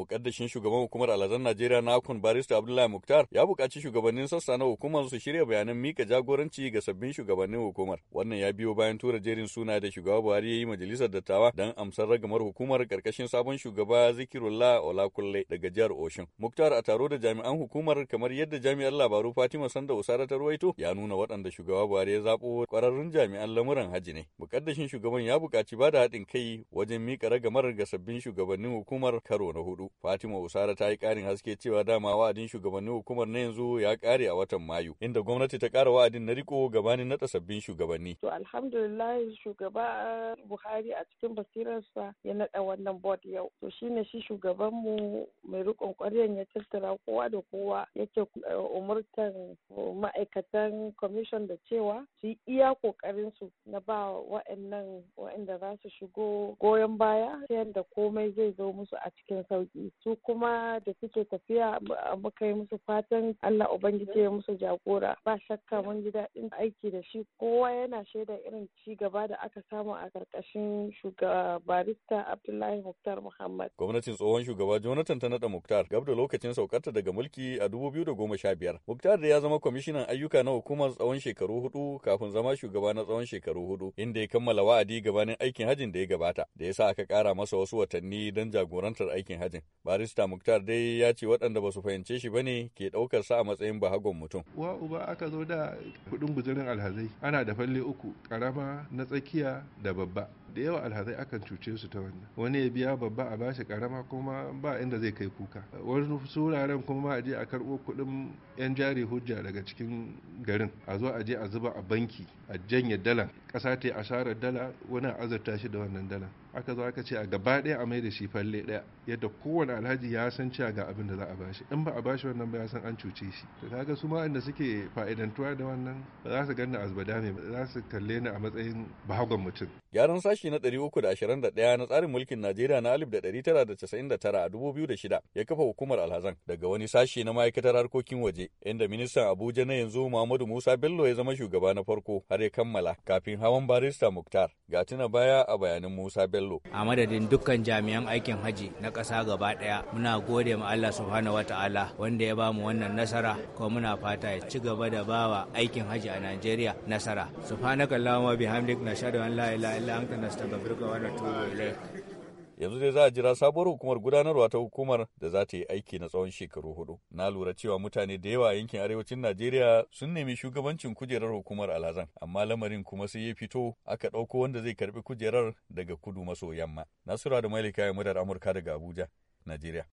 mukaddashin shugaban hukumar aladen najeriya na akun barista abdullahi muktar ya buƙaci shugabannin sassa na hukumar su shirya bayanan mika jagoranci ga sabbin shugabannin hukumar wannan ya biyo bayan tura jerin suna da shugaba buhari ya yi majalisar dattawa don amsar ragamar hukumar karkashin sabon shugaba zikirullah olakulle daga jihar oshun muktar a taro da jami'an hukumar kamar yadda jami'an labaru fatima sanda usara ta ruwaito ya nuna waɗanda shugaba buhari ya zaɓo ƙwararrun jami'an lamuran haji ne mukaddashin shugaban ya buƙaci ba haɗin kai wajen mika ragamar ga sabbin shugabannin hukumar karo na hudu Fatima Usara ta yi ƙarin haske cewa dama wa'adin shugabannin hukumar na yanzu ya ƙare a watan Mayu, inda gwamnati ta ƙara wa'adin na riko gabanin naɗa sabbin shugabanni. To alhamdulillah shugaba Buhari a cikin basirarsa ya naɗa wannan board yau. To shine shi shugabanmu mai riƙon ƙwaryan ya tattara kowa da kowa yake eh, umurtan ma'aikatan commission da cewa su yi iya ƙoƙarinsu su na ba wa'annan wa'anda za su shigo goyon baya ta yadda komai zai zo musu a cikin sauƙi. su kuma da suke tafiya muka yi musu fatan Allah ubangiji ya musu jagora ba shakka mun ji daɗin aiki da shi kowa yana shaida irin ci gaba da aka samu a karkashin shugaba barista Abdullahi Muktar Muhammad gwamnatin tsohon shugaba Jonathan ta naɗa Muktar gab da lokacin saukarta daga mulki a da goma sha biyar. Muktar da ya zama kwamishinan ayyuka na hukumar tsawon shekaru hudu kafin zama shugaba na tsawon shekaru hudu inda ya kammala wa'adi gabanin aikin hajin da ya gabata da ya sa aka kara masa wasu watanni don jagorantar aikin hajin laifin. Barista Muktar dai ya ce waɗanda ba su fahimce shi ba ne ke ɗaukar sa a matsayin bahagon mutum. Wa uba aka zo da kuɗin buzurin alhazai ana da falle uku ƙarama na tsakiya da babba. Da yawa alhazai akan cuce su ta wannan. Wani ya biya babba a bashi ƙarama kuma ba inda zai kai kuka. Wani suraren kuma a je a karɓo kuɗin 'yan jari hujja daga cikin garin. A zo a je a zuba a banki a janye dala. Ƙasa ta yi asarar dala wani azurta shi da wannan dala. aka zo aka ce a gaba ɗaya a mai da shi falle ɗaya yadda kowane alhaji ya san cewa ga abin da za a bashi in ba a bashi wannan ba ya san an cuce shi to kaga su ma inda suke fa'idantuwa da wannan ba za su ganna azbada ne ba za su kalle ni a matsayin bahagon mutum gyaran sashi na 321 na tsarin mulkin Najeriya na 1999 a 2006 ya kafa hukumar alhazan daga wani sashi na ma'aikatar harkokin waje inda ministan Abuja na yanzu Muhammadu Musa Bello ya zama shugaba na farko har ya kammala kafin hawan barista Muktar ga tuna baya a bayanin Musa Bello Bello. A madadin dukkan jami'an aikin haji na ƙasa gaba ɗaya muna gode ma Allah subhanahu ta'ala wanda ya bamu wannan nasara ko muna fata ya ci gaba da bawa aikin haji a Najeriya nasara. Subhanakallahumma bihamdik nashhadu an la ilaha illa anta nastaghfiruka wa natubu ilayk. yanzu dai za a jira sabuwar hukumar gudanarwa ta hukumar da za ta yi aiki na tsawon shekaru hudu na lura cewa mutane da yawa a yankin arewacin najeriya sun nemi shugabancin kujerar hukumar alhazan amma lamarin kuma sai ya fito aka ɗauko wanda zai karbi kujerar daga kudu maso yamma nasura da mailika ya mudar amurka daga abuja najeriya